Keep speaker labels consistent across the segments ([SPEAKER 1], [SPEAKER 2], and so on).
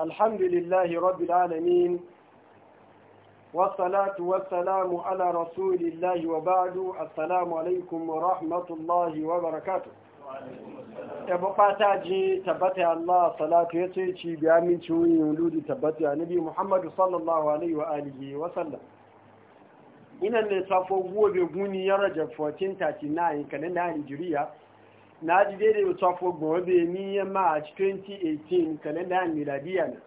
[SPEAKER 1] الحمد لله رب العالمين والصلاة والسلام على رسول الله وبعد السلام عليكم ورحمة الله fata ji tabbata Allah salatu ya ce ci biya min ciwon yin ludi tabbata ya nabi Muhammadu sallallahu alaihi wa alihi wa sallam. gobe guniyar ya rajar 1439 kanin da hajjiriya na ji daidai da tafo gobe ni ya march 2018 da miladiya na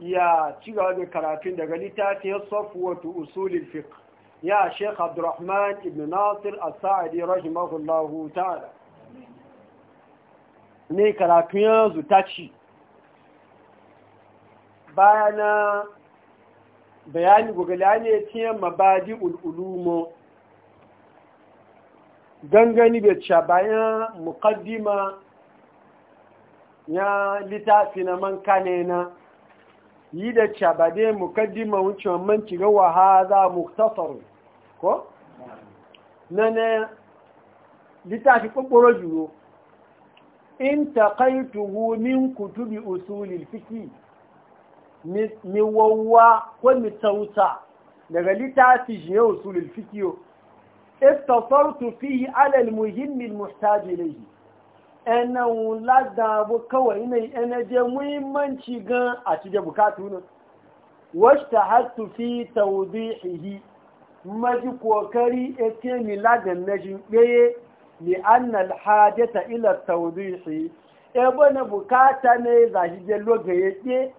[SPEAKER 1] ya ci gaba da karatun daga littafin safwatu usulul fiqh ya sheikh abdurrahman ibn nasir as-sa'di rahimahullahu ta'ala ne karatun yanzu ta ci bayana bayani ne tiyan mabadi ululumo gangani bai ca bayan mukaddima ya littafi na man kane na yi da ca ba dai mukaddima wucin man ciga wa ha za muktasar ko? na na littafi kwakwaro juro in taqaituhu min kutubi usulil fiki mi wawwa ko mi tausa daga littafi ne usulil fiqh istasartu fihi ala muhimmi almuhtaj ilayhi ana wulada bu kawai ne ana je muhimmanci gan a cije bukatu ne washtahattu fi tawdihihi maji kokari ake ni ladan najin beye li anna alhajata ila tawdihi e bana bukata ne za shi je logaye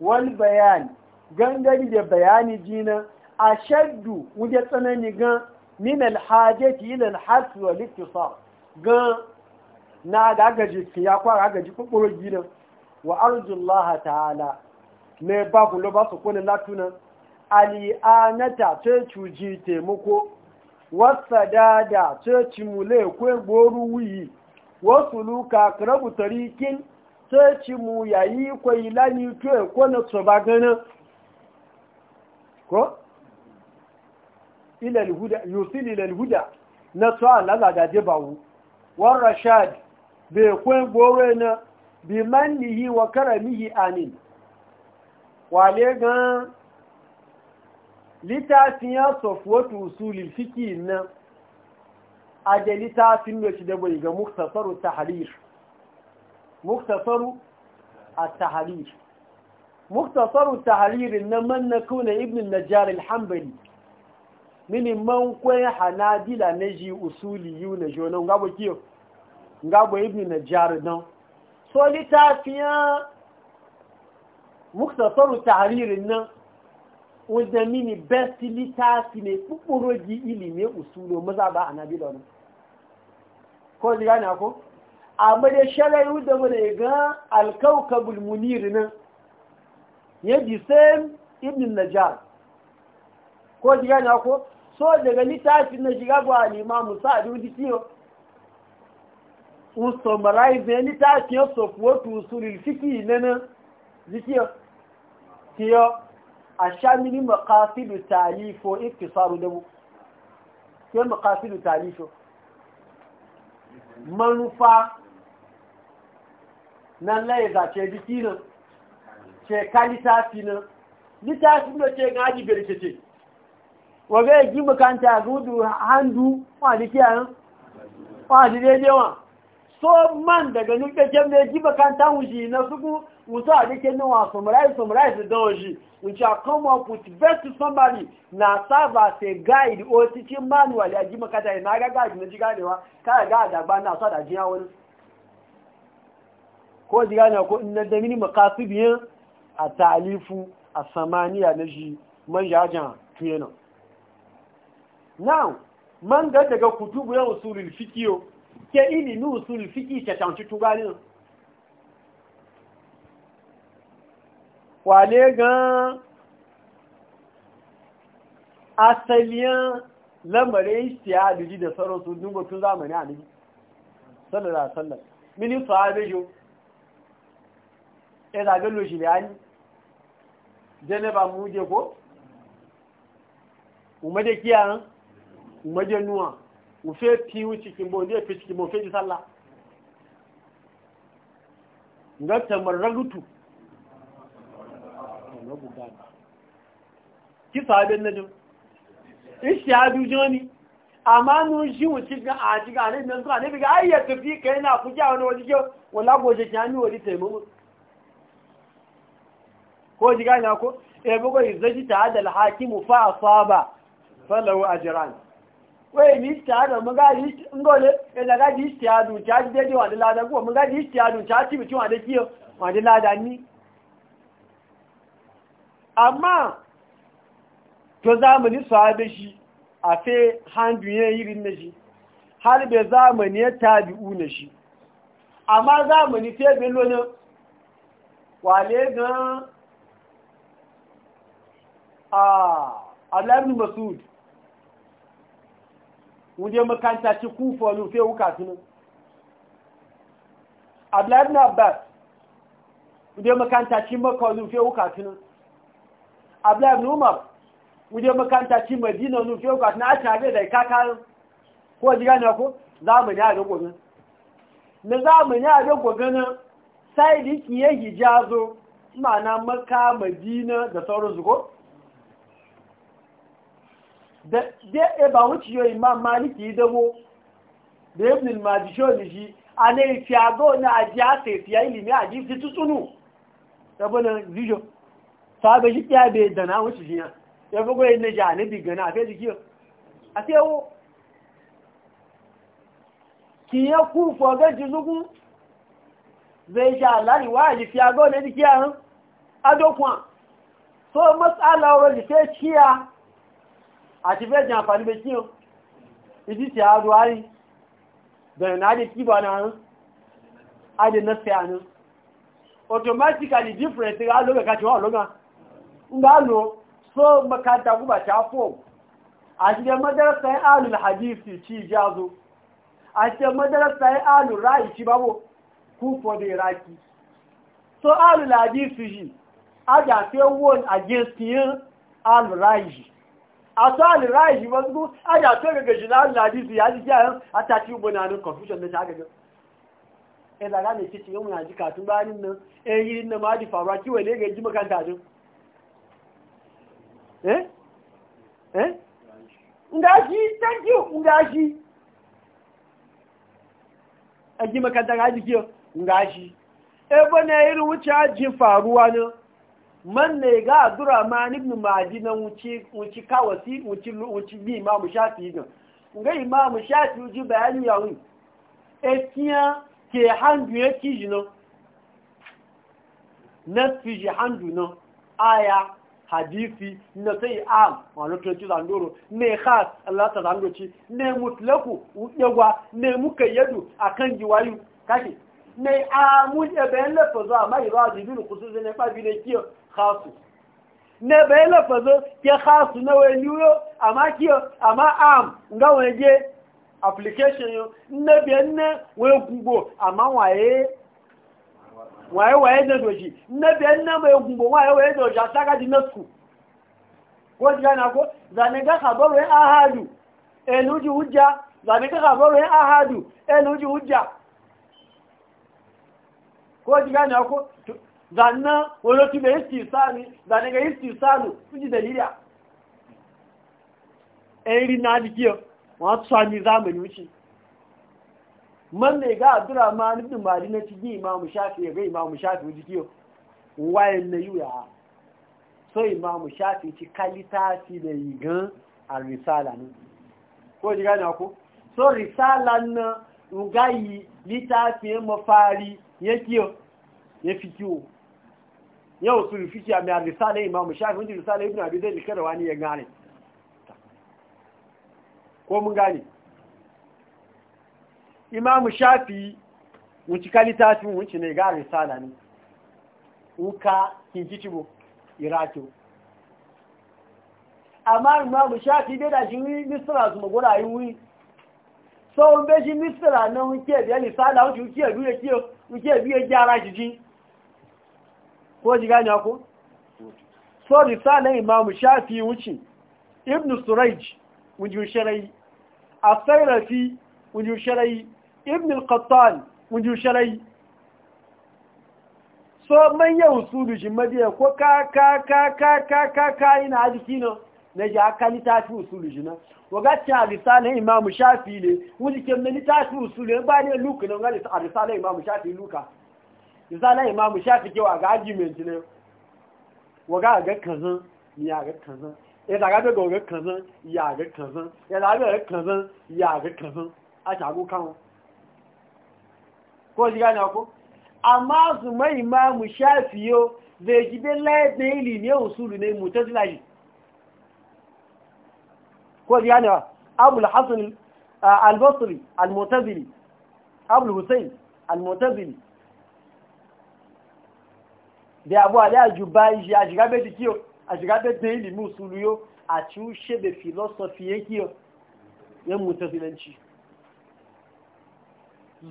[SPEAKER 1] wal bayan Gangari da bayani jina ashaddu wuje tsanani gan min alhajati ila alhas wa ittisal ga na ga gaji ya kwa gaji kokoro gidan wa arjullah ta'ala me ba ku lo ba su kone latuna ali anata ce cuji taimako wasadada ce cimule kwe gboru wiyi wasu luka karabu tarikin ce cimu yayi kwai lani tuwe kone tsoba ganin ko ila yusil na tsawa lalla da je rashad be kun gore na bi wa karamihi amin wale ga litafin ya sofwatu usulin fiqi na aje litafin ne shi da bai ga muktasaru tahrir muktasaru at-tahrir muktasaru tahrir na man nakuna ibn an-najjar al mini man kwen hanabila na ji usuli yiwu na jona ngabo kiyo ngabo ibni na jari na. so littafiyan muktasaru taririn na wadda mini best littafi ne kukuro ji ne usulo maza ba hanabila na. ko ji gane ako amma da shalai wadda wani ga alkaukabul munir na. ya bi ibni na najjar ko ji gane ako so daga littafin na shiga bu alimamu sa abin jisiyo un summarize littafin ya sofuwa tusuril fiki na nan jisiyo tiyo a shamini makasidu talifo iktisaru da mu ke makasidu talifo manufa nan laiza ce jiki nan ce ka littafi nan littafin da ce gaji berkete wọ́gẹ́ ìjí bukanta àgúdù handu wọ́n àdíkí àrùn wọ́n àdílé lé wọn so man daga ní kẹkẹ́ mẹ́ jí bukanta wùsì na sukú wùsọ́ àdíkẹ́ ní wọn summarize summarize don which are come up with best summary na serve as a guide or teaching manual ya jí bukanta ina gaga àjìnà jí ganewa kára ga àdàgbà náà sọ́dà jíyà wani ko jí ganewa ko ina a a samaniya na shi man nan now man ga daga kutubu ya usulul fikiyo ke ilimi usulul fiqh ta tantu tugani wale ga asaliyan lamarin istiyadiji da sauransu dungo tun zamani a sallallahu alaihi sallar mini jo e da lo shi Jene, jeneba mu je ko umar da kiyayen Majanuwa, nuwa mu fe piwu cikin bo ne fi cikin bo fe ji sallah nga tamarragutu ragu ba ki sahabin najin ishi ya dujo ni amma nun shi wuce ga a ji ga ne nan zuwa ne biga ayya ya tafi kai na ku ja wani waje wala goje ki hannu wani taimamu ko ji ga na ko e eh, bugo izaji ta adal hakimu fa asaba falahu ajran wai ni istihadu mun ga yi ngole e daga di istihadu ta ji dede wa dilada ko mun ga di istihadu ta ci bitin wa da kiyo wa da ni amma to zamani sahabe shi a fe handuye irin na shi har be zamani ya tabi'u na shi amma zamani fe be lona le gan a alamin masud wunde makanta ci kufa lu fe wuka sunu abdullahi ibn abbas wunde makanta ci makka lu fe wuka sunu abdullahi ibn umar wunde makanta ci madina lu fe wuka sunu a tabe da kaka ko jiga ne ko zamani a ga gobe na zamani a ga gobe na sai diki ya hijazo na makka madina da sauransu ko da e ba wuce yau imam maliki dabo da ibn al-majishoni shi a na yi ago na aji sai ifi ya ilimi a jifi tutunu saboda zijo ga shi ya bai dana wuce shi ya ya fi goyi na ji a nabi gana a fai jiki a sai wo ki ya ku fogar ji zugu zai sha lari wa a jifi ago na jiki a adokwa so matsala wani jife ciya àti fẹ́ jẹ àǹfàní bẹ kí ìdí tí a rọ àrí bẹ̀rẹ̀ náà dé kí bọ̀ náà a dé náà fẹ́ àná automatically different ti rá lóga kàtí wọ́n lóga ń bá lò so makanta kúbà tí a àti jẹ madarasa alul hadisi ci jazo àti jẹ madarasa alul ra'i ci babo kú fọ́ hadisi a jà fẹ́ against asọ rai wanzu aja a ga gaji na ladi su ya ji kiyan atati na anụ confusion eh, da ta e ga na ci ci na ji ka bayanin nan e eh, na ma di fara ki wale ga ji makanta din eh, eh? ngaji thank you ngaji a ji makanta ji ngaji faruwa na. man ne ga ma ibn mahdi na wuci wuci kawasi wuci wuci bi imam shafi ga ga imam shafi ji bayani ya wi etia ke handu ya ki jino na fi ji handu no aya hadisi na sai am wani turanci zandoro ne khas Allah ta zandoci ne mutlaku yagwa ne yadu akan giwayu kashi. mai amun ya bayan lafazo amma yi ba jibin kusurzi na fabi na kiyo khasu na bayan lafazo ya khasu na wani yiwu amma kiyo amma am ga wani je application yau Ne biyan ne wani gugo amma waye waye waye da doji na biyan na mai gugo waye waye da doji a tagadi na su ko ji gana ko zane ga khabarin ahadu eluji hujja zane ga khabarin ahadu eluji hujja ko ji gane ko zanna wani tu da istisani zanne ga istisani kuji dalila eri na dikiyo wa tsami zamani wuce man ne ga Abdurrahman ibn Mali na ci imamu Shafi ga imamu Shafi dikiyo wayan na ya? so imamu Shafi ci kalita ci da gan al-risala ne ko ji gane ko so risala na ugayi litafi mafari yẹn kí o yẹn fi kí o yẹn ò sùn fíkì àmì àdìsá lẹ́yìn máa mọ̀ ṣáà fún jìnnà ko mun gane imamu shafi wuci kalita fi wuci ne ga risala ne wuka kinkicibo bu amma imamu shafi dai da shi misira su magwara yi wuri so n na wuke risala wuce wike biye gyara jiji ko ji gani ku so na imam shafi wuce ibn Suraij, wujin shara'i asairafi wujin shara'i ibn al-qattan wujin shara'i so manyan usulu shi madiya ko ka ka ka ka ka ka ina hadisi na na ji aka littafi usulu jina wagacin a risalin imamu shafi ne wujikin na littafi usulu ya bane luka na wani a risalin imamu shafi luka risalin imamu shafi kewa ga argument ne waga ga kazan ya ga kazan ya e zaga daga waga kazan ya ga kazan ya e zaga daga kazan ya ga kazan a shago kan ko shiga na ko amma su mai imamu shafi yau zai gibe laifin ilimi usulu ne mutazila shi ko ziyanewa abul hasan al-basri al-mu'tazili abul husayn al-mu'tazili da abu ali ajubai ji a shiga bai tikiyo a shiga bai da ilimin a ci ushe da filosofi ya kiyo yan mutazilanci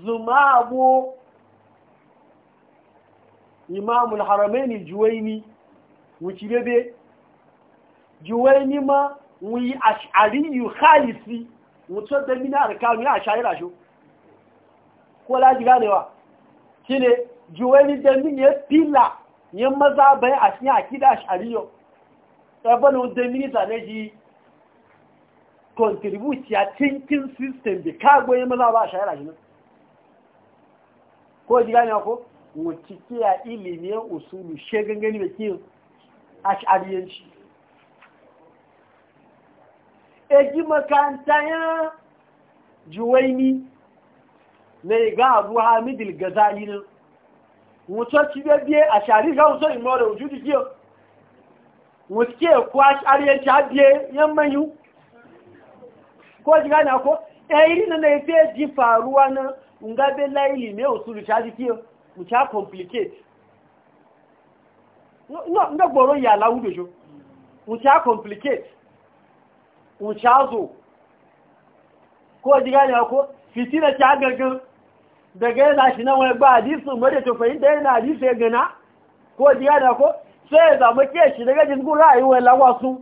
[SPEAKER 1] zuma abu imamul haramaini juwaini wuci bebe juwaini ma wọ́n yí àríyù káàlì sí wọ́n tó dẹ̀ mínà àríkàwé àṣàíràṣó kó láti gane kí ne juwé ní dẹ̀ mínà pílà ne maza bai a àkídà àṣàríyọ ẹbọ́n ní mínà ne jí contribute ya thinking system da kago yẹn maza ba àṣàíràṣó náà ko ji gane ko wacce kiya ilimin usulu shegangani ash'ariyanci eji makanta ya juwaini na ga abu hamidul gazali nan wutar cibiyar biye a shari ga wutar imo da wujudu kiyo wuske kuwa ariyar ta biye yan manyu ko ji gane ko ɗaya na na ife ji faruwa na ngabe laili ne usulu ta ji kiyo complicate ya lawudojo mu ta complicate wucazo ko ji gane ko fitina ta gaggan daga yana shi nan wani ba hadisu mara to da yana hadisu ya gana ko ji gane ko sai ya zama ke shi daga jirgin ra'ayuwar lawasu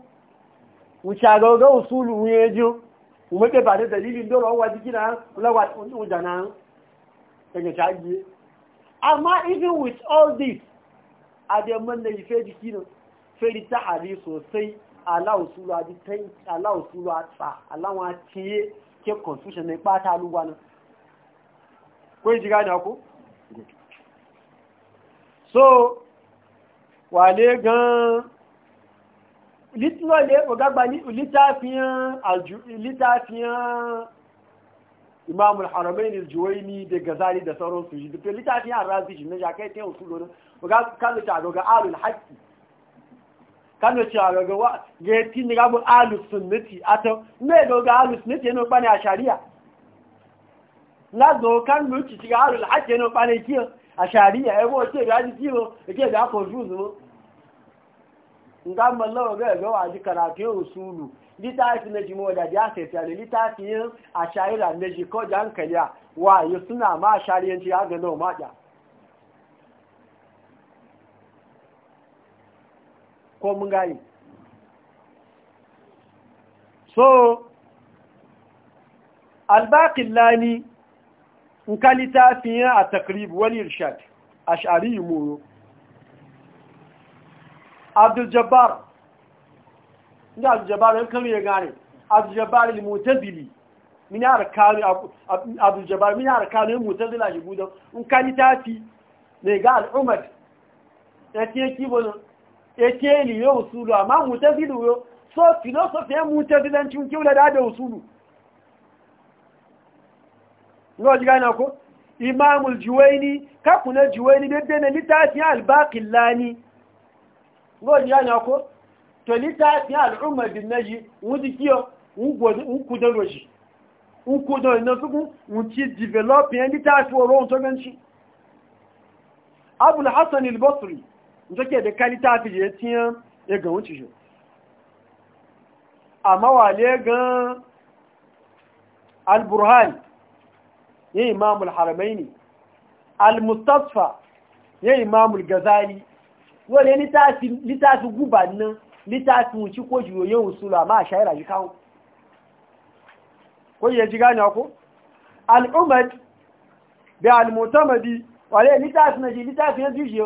[SPEAKER 1] wucagoga usulu wuye jin umeke ba da dalilin dole wa jiki na lawa ujana daga shaji amma even with all this a da man da ife jiki ne feri ta hari sosai aláwòsúlò àti tẹ́yìn aláwòsúlò àtà aláwọn àtìyé ke constitution ní pátá alúgbà Ko kó ìjìgá ní ọkú so wa lé gan lítúwọ̀lé ọgágbà lítàfihàn imam al-haramain al Juwayni da gazali da sauransu shi da littafin an razi shi na jakaitiyar usulonin ga kalu ta ga alul haqqi kano ce a gagawa ga ya fi nigabin alusunniti a ta mai doga alusunniti yana kwane a shari'a lazo kan nuci shiga alul hake yana kwane kiyo a shari'a ya bo ce ya ji kiyo da ke da aka juzu mu nga mallawa ga gawa ji karatu yin usulu litafi na jimo da ya sai tare litafi yin a shari'a na jan jankaliya wa yi suna ma shari'anci ya gano maɗa ko mun gayi so lani in ka littafin a takrib wani irshad ash'ari moro abdul-jabbar inda abdul-jabbar yan kan ya gane abdul-jabbar il-mutazili minar kanu abdul-jabbar minar kanu ya mutazila shi budan in ka littafi ne ga al'ummar ya ce kibonin ekeli yo usulu amma mutazilu yo so philosophy ya mutazilancin kiula da da usulu ngo jigana ko imamul juwaini ka kuna juwaini bebe na litafi al-baqillani ngo jigana ko to litafi al-umma bin naji wudi kiyo wugode wukudoloji wukudo ina suku wuci develop yan litafi oron to ganci abul hasan al-basri nítòkè da kálítà fi jẹ tí yán ẹgbẹ̀ oúnjẹ jù àmá ga Al-Burhan ya yẹ imamul haramaini Al-Mustapha almustasfa yẹ imamul gazali wọ́n lé lítàfi gúbà náà lítàfi wùcí kó jùlọ yẹ wùsùlọ àmá àṣáyìrà yìí káwọn kó yẹ jí gánà kó al'umad da almutamadi wà lé lítàfi náà jẹ lítàfi yẹn jù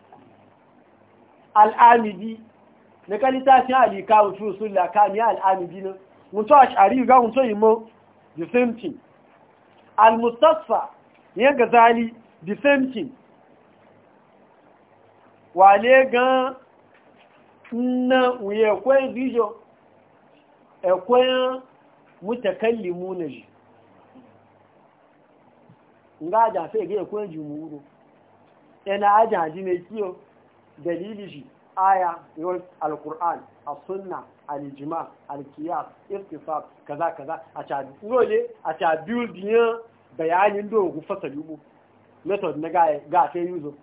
[SPEAKER 1] al'amidi na kalita fi alika wuce su lakami al'amidi na mutu a shari ga mutu yi mo the same thing al-mustafa ya gazali the same thing wale gan na wuye kwayan bijo e kwayan mutakallimu na ji nga aja fe ga e kwayan jumuru yana e aja ji ne kiyo dalili shi aya yawan alkur'an a sunna alijima alkiyas istifaf kaza kaza a ca biyu biyan bayanin dogu fasali ubu method na gafe yuzo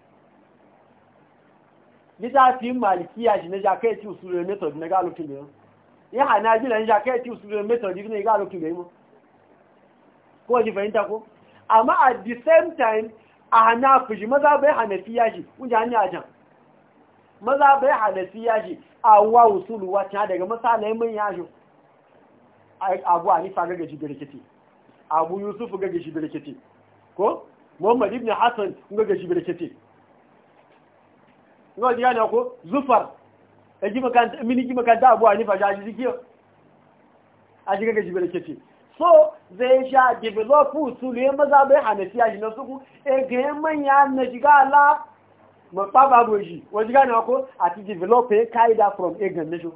[SPEAKER 1] littafin malikiya shi na jakaiti usulun method na galopin da yau ya hana jina na jakaiti usulun method na galopin da yau ko ji fahimta ko amma at the same time a hana fushi maza bai hana hanafiya shi kunji hanyar ajan maza bai hanafi ya shi a wa usulu wata daga misalai mun ya shi abu a ga gaji birkiti abu yusufu ga gaji birkiti ko muhammad ibn hassan ga gaji birkiti yau ji yana ko zufar e, mini ji makanta abu a ya shi zikiyo a ji ga gaji birkiti so zai sha develop usulu ya maza bai hannasi ya shi na suku e ga manya na shiga ala mọ̀ pápábò yìí wọ́n jí gánà ọkọ́ àti develop a kaida from egan mẹ́ṣọ́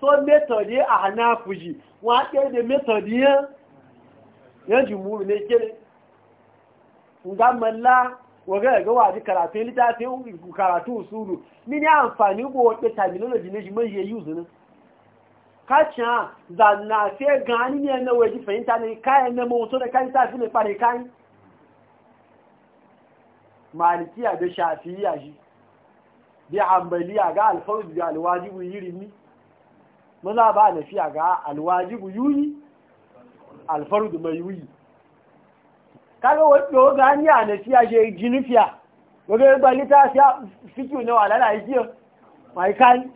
[SPEAKER 1] so method yẹ́ àhánáàfù yìí wọ́n á kéde method yẹ́ yẹ́ jù múrù karatu lítà tí ó kù karatu usulu ní ní àǹfààní gbò wọ́n pé terminology ní ṣùgbọ́n yẹ yúùsù ní káàkiri zanna fẹ́ gan-an ní ẹ̀nà wẹ̀jú fẹ̀yìntà ní káyẹ̀ ẹ̀nà tó rẹ̀ káyìntà fi lè parí malikiya da shafiya shi da ambaliya ga alfawar da alwajibu yirimi maza ba nafiya ga alwajibu yuyi alfaru da mai yuyi kaga wadda ga ni a nafiya je jinufiya wadda ya ta fiya fikiyo na walala ya kiyo mai kan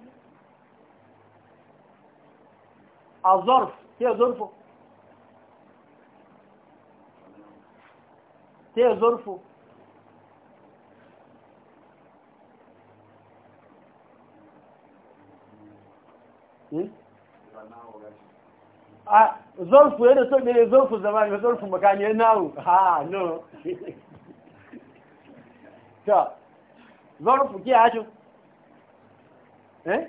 [SPEAKER 1] a zorf ke zorfo ke zorfo Hmm? a ah, zorfu yana so ne zorfu zamani ba zorfu makani ya nawo ha no ta zorfu ki hajji eh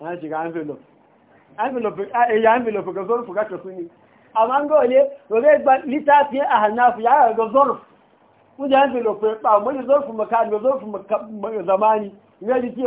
[SPEAKER 1] ana shiga envelope envelope ah, eh, ya envelope ga zorfu ga kasu ne amma ga wale roge gba littafi a hannafu ya ga zorfu kun envelope ba mai zorfu makani ba zorfu zamani ne ji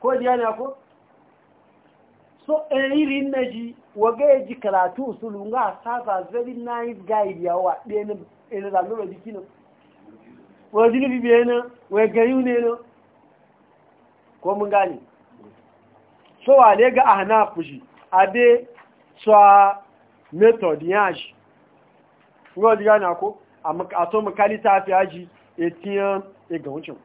[SPEAKER 1] ko yana ko so eri eh, naji wage ji karatu sulunga sasa very nice guy ya wa dena ina da lura dikino wajini bibiyana wage yune no ko mun gani so wale ga ahna fuji ade so method yaji ngo diyana ko a to mu kalita fi aji etiyan e gawuncin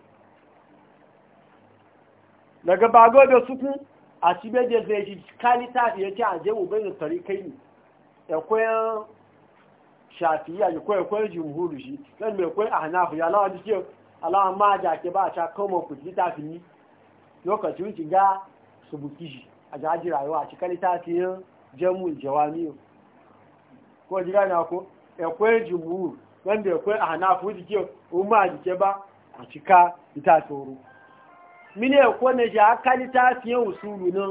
[SPEAKER 1] daga bago da suku a cibe da zai ji kalita da fiye ce a je ubai da tarikai ne ya koyan shafiya ya jimhuru shi zan mai koyan a hanafu ya lawa jikin alawa ma da ke ba a ta kama kuɗi ta ni lokacin ci ga su buki shi a jaji rayuwa a cikin littafin jamu jawamiyo ko jira na ko ya jimhuru wanda ya a hanafu umar jike ba a cika mini ẹ̀kọ́ na ṣe aká fi yẹn òṣùlù náà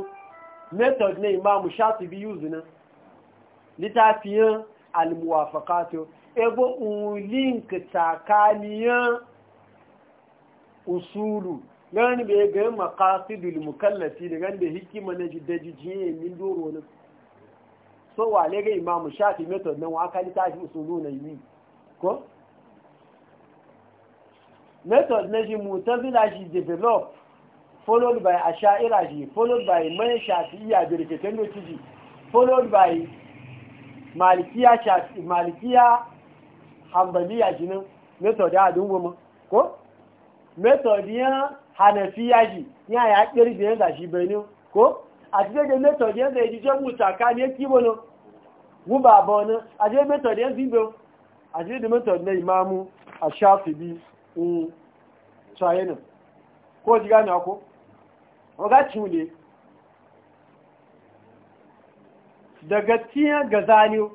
[SPEAKER 1] method na imamu ṣáàtì bí yúzù náà lítàfi yẹn alìmùwàfàkátó ẹgbọ́ òǹlink tàkàníyàn òṣùlù gani bai ga yin makasidul mukallafi da gani hikima na jidajijiye min doro so na yi ko method na shi mutazila shi develop followed by asha'iraji followed by man shafi'iyya da rikitan dotiji followed by malikiya shafi malikiya hanbaliya jinin method ya dungu mu ko method ya hanafiya ji ya ya kirbi yanzu shi benin ko a cikin daga method yanzu ya jije mutaka ne kibo no mu ba wani a je method yanzu ibo a je da method na imamu a shafi bi in mm, tsayenin ko ji gane ko waga cune daga cikin gazani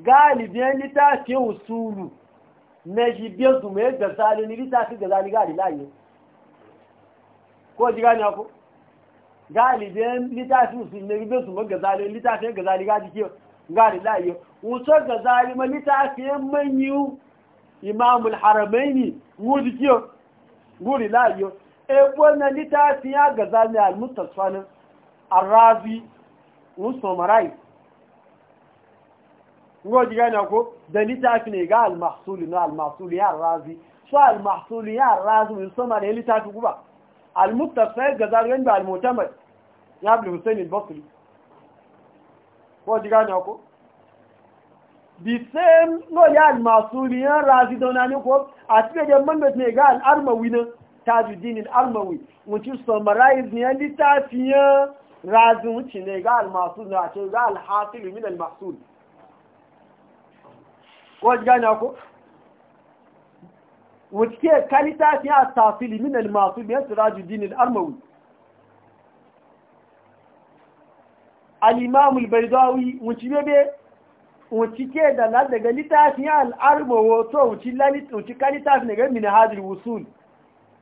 [SPEAKER 1] galibin littafi usulu na jibiyar zumaye gazani ni gaza ni galilaye ko ji gani ako galibin usulu na jibiyar zumaye gazani littafi gazani galilaye wutar gazani ma littafi manyu imamul haramai wuri kiyar guri ebo na littafi ya ga zane al-mustafanin arabi musulmarai ngoji gane ko da littafi ne ga al-mahsuli na al-mahsuli ya arazi. so al-mahsuli ya arazi, musulman ya littafi guba al-mustafanin ga zane da al-mutamar ya abu hussein al-basri ngoji gane ko the same no ya al-mahsuli ya arazi don na ne ko a cikin yamman da ne ga al-armawi nan tajuddin al-armawi wuce summarize ne littafiyan razin wuce ne ga al-masul na ce ga al-hasil min al-masul ko gana ko wuce ka littafiyan at-tasil min al-masul ya tajuddin al-armawi al-imam al-baydawi wuce bebe wucike da na daga littafiyan al'armawo to wuci kalitafi daga min hajjil wusul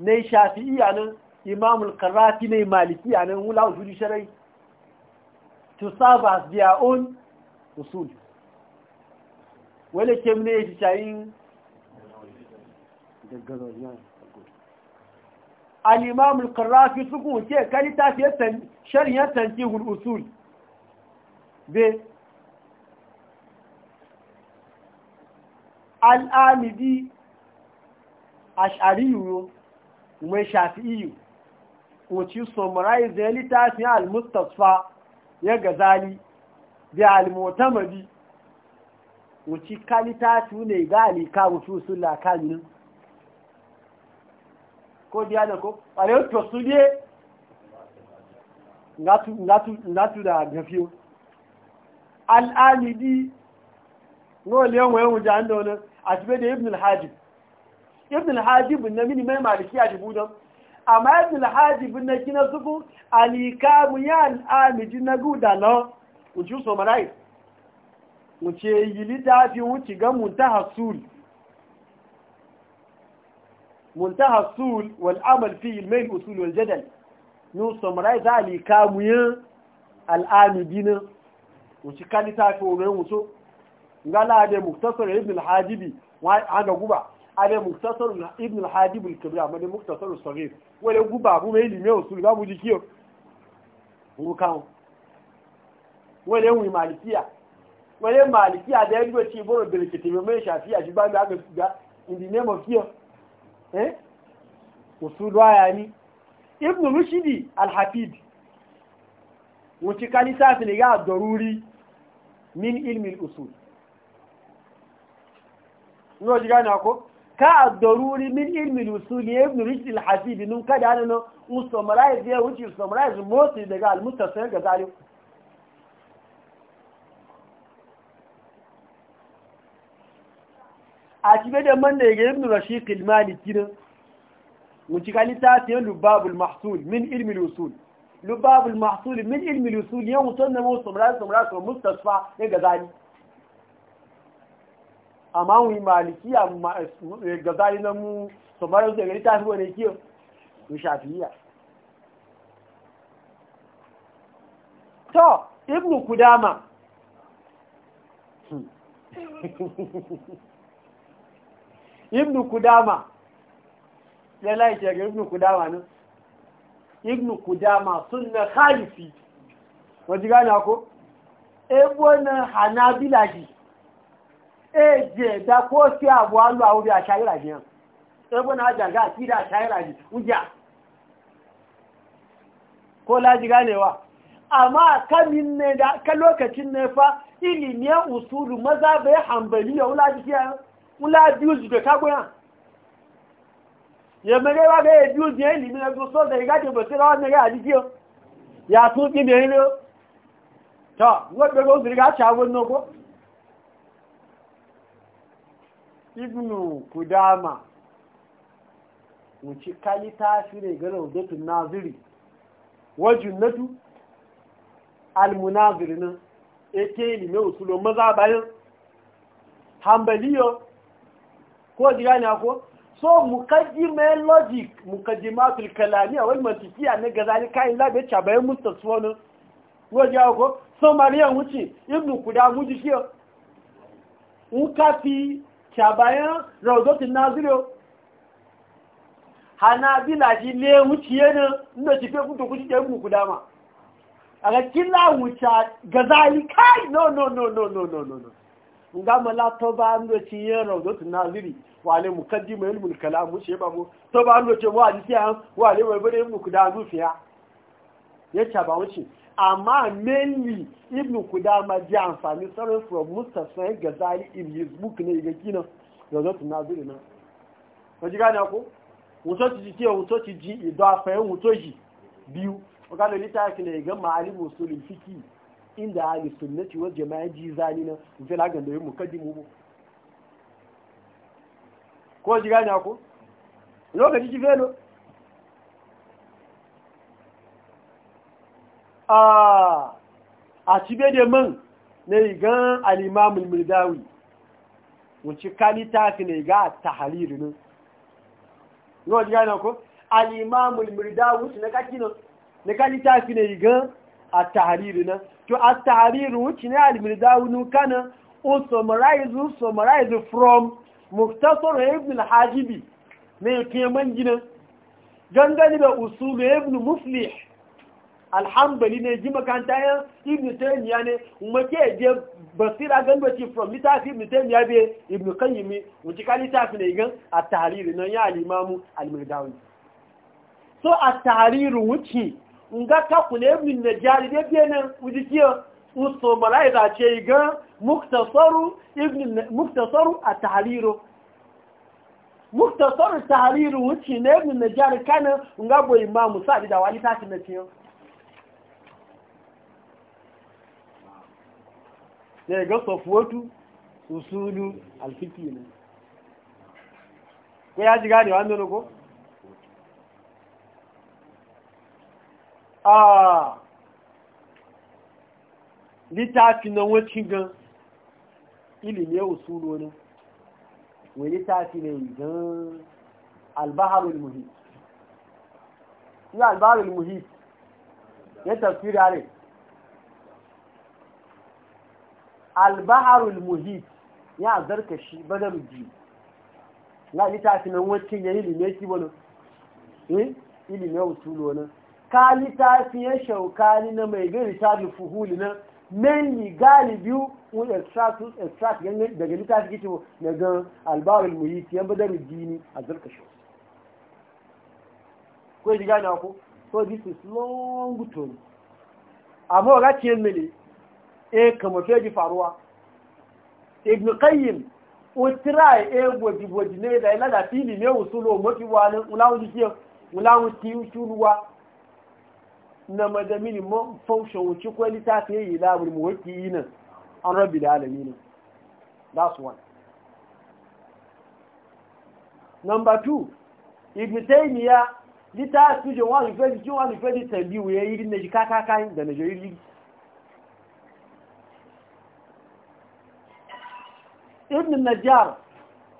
[SPEAKER 1] na a nan imamul karrafi na a nan wula usuli sharai to serve as their own usul wale kem ne shi shayin al-imamul karrafi su kun ce kalita fiye shariyar hul usul be al'amidi ash'ari yiwu mai shafi'iyu wuci summarize ya littafin al-mustafa ya gazali da al-motamadi wuci kalitatu ne ga alika wuci sun lakaminin ko diya da ko ƙwararru to su ne ngatu da gafiyo al'amidi n'ole yawon yawon jihar da wani a da ibn al-hajib ibn al-hajib na mini mai maliki a jibu don amma ibn al-hajib na kina suku alikamu ya al'amiji na guda na uci so marai wuce yi littafi wuce ga muntahasul muntahasul wal amal fi ilmai usul wal jadal nu so marai za alikamu ya al'amiji na wuce ka fi wurin wuce gala da muktasar ibn al-hajibi wa ga guba abe muktasar ibn al-hadib al-kabir amma ne muktasar al-saghir wale guba abu mai ilimi usul babu jikiyo mu kan wale wi malikiya wale malikiya da yango ci boro bil kitabi mai shafiya shi ba da ga in the name of kiyo eh usul waya ni ibn rushdi al-hafid wuci kanisa fi ne ga daruri min ilmi al-usul Nwa ji na ko? كعب من علم الوصول ابن رشد الحسيبي نم كاد يعني انا نو وسمراي دي وجي سمراي موت دي قال متصل قال اجبد من ده ابن رشيق المالكي وجي قال تاس لباب المحصول من علم الوصول لباب المحصول من علم الوصول يوم تنمو سمراي سمراي متصفى قال قال amma mu maliki amma eh, eh, gazali na mu samar da gari ta wani kiyo mu shafiya to ibnu kudama hmm. ibnu kudama ya ga ibnu kudama ne ibnu kudama sunna khalifi wajen ko ebo na hanabila ji eji ko kó abu alu alú àwọn orí àṣáyìràjì hàn ẹgbọ́n na jàgá àti ìdá àṣáyìràjì ń jà ko laji ganewa amma kamin ne da ka lokacin ne fa ilimiyar usulu maza bai hambali ya wula jiki ya wula biyu zuke kagoya ya mere wa ga ya biyu zuye ilimi na so da riga ke basira wani ga jiki ya tun ƙi da yi ne ta wadda ga wasu riga shagon nogo ibnu kudama wuce kalita shi ne ga raudatun naziri wajen natu almunaziri nan ake wasu usulo maza bayan hambaliyo ko ne ako so mukaddima logic mukaddimatul kalamiya wani mantiqiya ne ga zali kayan labe cha bayan mustaswanu waje ako so mariyan wuce ibnu kudamu jikiyo fi. shabayan rauzotin naziro hana bila shi le wuciye ne inda shi fe kuta kuci ɗaya ku dama a ga kila wuce ga zali kai no no no no no no no no ga mala to ba an da ci yin rauzotin naziri wa kaddi mai ilmul kalamu shi ba mu to ba an da ce wa ji an wa ne wa bare mu kuda zuciya ya ba wuce amma mainly ibn kudama ji amfani tsarin from mustafa ga zari his book ne ga kinan da zatu zuri na wajen gani ako wuto ci ji tiyo wuto ci ji ido afayin wuto ji biyu wakano littafi ne ga ma'ali musulun fiki inda hali sunnati wajen jama'a ji zani na mafi lagan da yi ji mu ko ji gani ako lokaci ki felo a cibe da man na igan alimamun mirdawi wuce kalita fi na ga ta haliru nan yau ji gane ko alimamun mirdawi na kaki nan na kalita fi na igan a ta haliru nan to a ta haliru wuce na alimirdawi nuka kana o summarize summarize from muktasar ibn al-hajibi ne kiyaman ginin gangani da usulu ibn muflih alhambali ne ji makanta yan ibn taymiya ne make je basira gando ci from litafi ibn taymiya be ibn qayyim wuci ka litafi ne gan at-tahrir ne ya al-imam al-murdawi so at-tahrir wuci nga ka ne ibn najari be be ne wuci kiyo usto da ce ga muktasaru ibn muktasaru at-tahrir muktasaru at-tahrir wuci ne ibn najari kana nga bo imam sa'id da wali tafi na ci. sai ga safuwatu usulu alfiki ne ko ya ji gane wannan ko a littafi na wacin gan ya usulu ne littafi ne gan albaharul muhit albaharul muhit ya albaharul muhit ya zarka shi badar ji la litafi nan wacce ya yi limeki wani eh ilimin usulu wani ka litafi ya shaukani na mai gari ta bi fuhuli na mainly galibi un extract extract daga litafi kici daga albaharul muhit ya badar ji a zarka shi ko ji gane ko so this is long term amma ga ce mini e eh, kama feji faruwa ibn qayyim utira e eh, gwaji gwaji ne da ila da fili ne usulo mafi wani ulawun jikiya ulawun tiyu tuluwa na madamin mo function wuce ko litafi yi labul muwakki nan an rabbi da alamin that's one number 2 ibn taymiya litafi je wani feji je wani feji tabiu yayi ne jikaka kai da najeri ibn najjar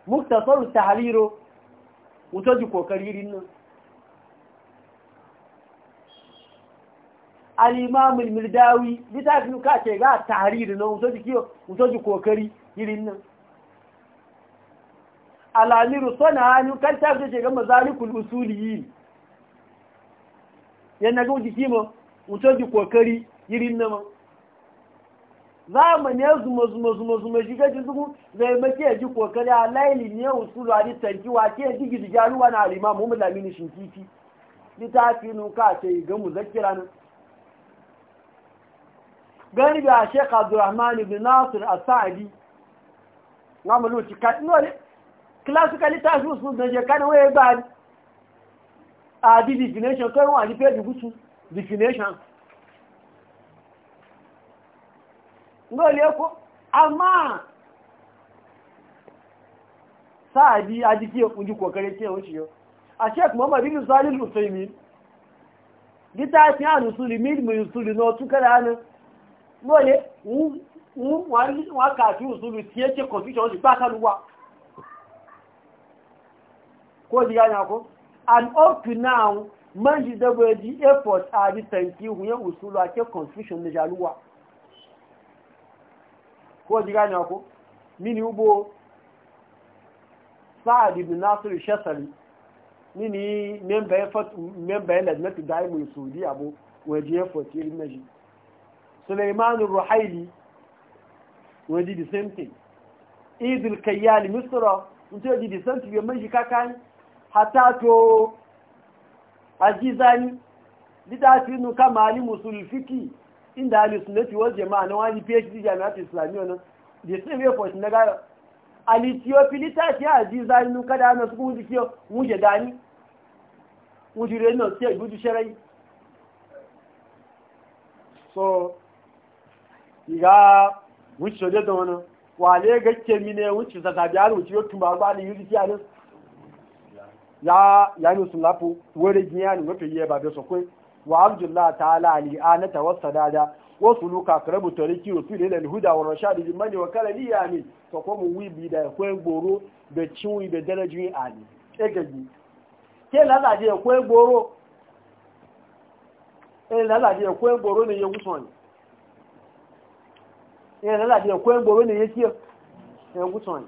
[SPEAKER 1] muktasar tahariro wuta ji kokaririn nan al'imamul mildawi littafin ka ce ga tahariri nan wuta ji kiyo wuta kokari irin nan alamiru suna hannu kan ta ce ga mazalikul usuli yi yana ga wuta ji kimo wuta ji kokari irin nan zamani ne zuma zuma zuma zuma shi gajin dubu zai maki ya ji kokari a laili ne ya wasu zuwa tanki wa ke digi diga ruwa na alima mu lamini shin kifi littafi nuka ce ga mu zakira nan gani ga shekha abdurrahman ibn nasir as-sa'di na mu luci ka no ne classical littafi su da je kana waye ba a definition kai wani wa ni pe definition dole ku amma sa'adi a jiki ya kunji kokarin ce wuce yau a sheik muhammad bin salim usaimin gita fi a nusuli mil mai nusuli na otu kada hannun dole wọn kàfí nusuli tí yẹ ce confusion wọn sì gbá kaluwa ko jiga na ko and up to now man ji dabo ya ji effort a di tanki hunye usulu a ce confusion na jaluwa ko ji gane ko mini ubo sa'ad ibn nasir shasari mini memba ya fat memba ya lajnatu daimu saudi abu waje ya fati irin naji sulaiman ruhaili waje the same thing idil kayyali misra in ce the same thing ka kan hatta to ajizani lidati kama alimu sulfiki inda ahli sunnati wal jama'a na wani PhD jami'at islamiyya nan da sai bai kwashi na gara alitiyofili ta a ji zalinu kada na su kuma jikiyo muje dani muje reno sai gudu sharai so iga wuce shode da wani wale gakke mine wuce zazzabi har wuce yau tumba ba ni yuzi ya ya ni sun lafu wani giyani mafi yi ba bai sakwai wa abdullah ta'ala ali ana tawassada da wasu luka karabu tariki wa fili lal huda wa rashad bi mani wa kala li yani to ko mu bi da ko goro da ciwi da darajin ali e gaji ke la la je ko goro e la la je ko goro ne yewu son e la la je ko gboro ne yeki yewu son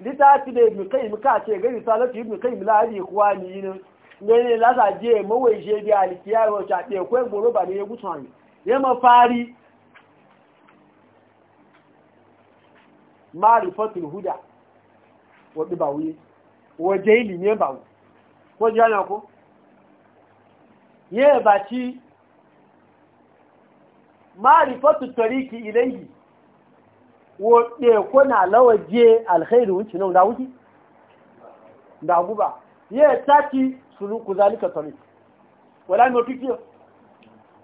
[SPEAKER 1] lita ti da kai mi ka ce ga risalatu ibn mi la hadi ikhwani ne lẹ́yìn látàjí èmówò ìṣe bí àlìkíyà ìrọ̀ṣà àti ẹ̀kọ́ ìgbòrò bà ní egúsùn àmì yẹ́ mọ́ fárí máa rí fọ́tìlì húdà wọ́pẹ́ ko. wúyé wọ́jẹ́ ìlì ní ẹ̀bà kó jẹ́ ọ̀nàkó yẹ́ ẹ̀bà tí máa rí fọ́tù tọ̀ríkì ilẹ̀ yìí wọ́pẹ́ ẹ̀kọ́ náà lọ́wọ́ jẹ́ alhẹ́rì suluku zalika tariq wala no tukiyo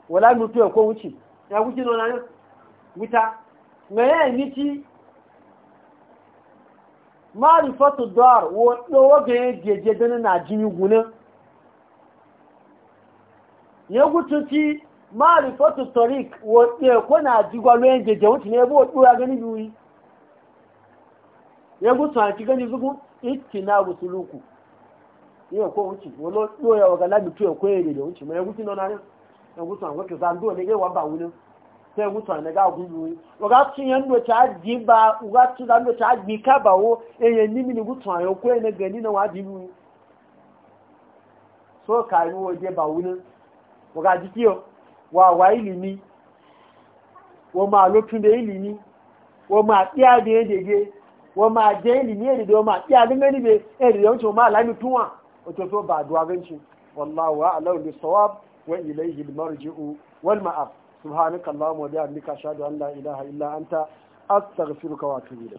[SPEAKER 1] wala no tukiyo ko wuce ya wuce no nan wita me ya ni ci ma'rifatu dar wo do wage jeje dan na jini guna ya gutu ci ma'rifatu tariq wo de ko na jigwa lo jeje wuce ne bo do gani biwi ya gutu a ci gani zugu ittinabu suluku yau ko wuce wani doya wa galabi tuyo ko yare da wuce mai wuce nona ne yan wuce an wata zan dole ne wa ba wuni sai wuce an daga gudu ne waga cin yan do ta ji ba waga cin zan do ta ji ka ba wo en yan ni mini wuce an ko ne gani na wa ji ni so ka yi wo je ba wuni waga ji kiyo wa wa ilimi wo ma lotun da ilimi wo ma tiya da yede wato zo ba addu'a ganci wallahu a'lamu bis-sawab wa ilayhi al-marji'u wal ma'ab subhanakallahumma wa bihamdika ashhadu an la ilaha illa anta astaghfiruka wa atubu ilayk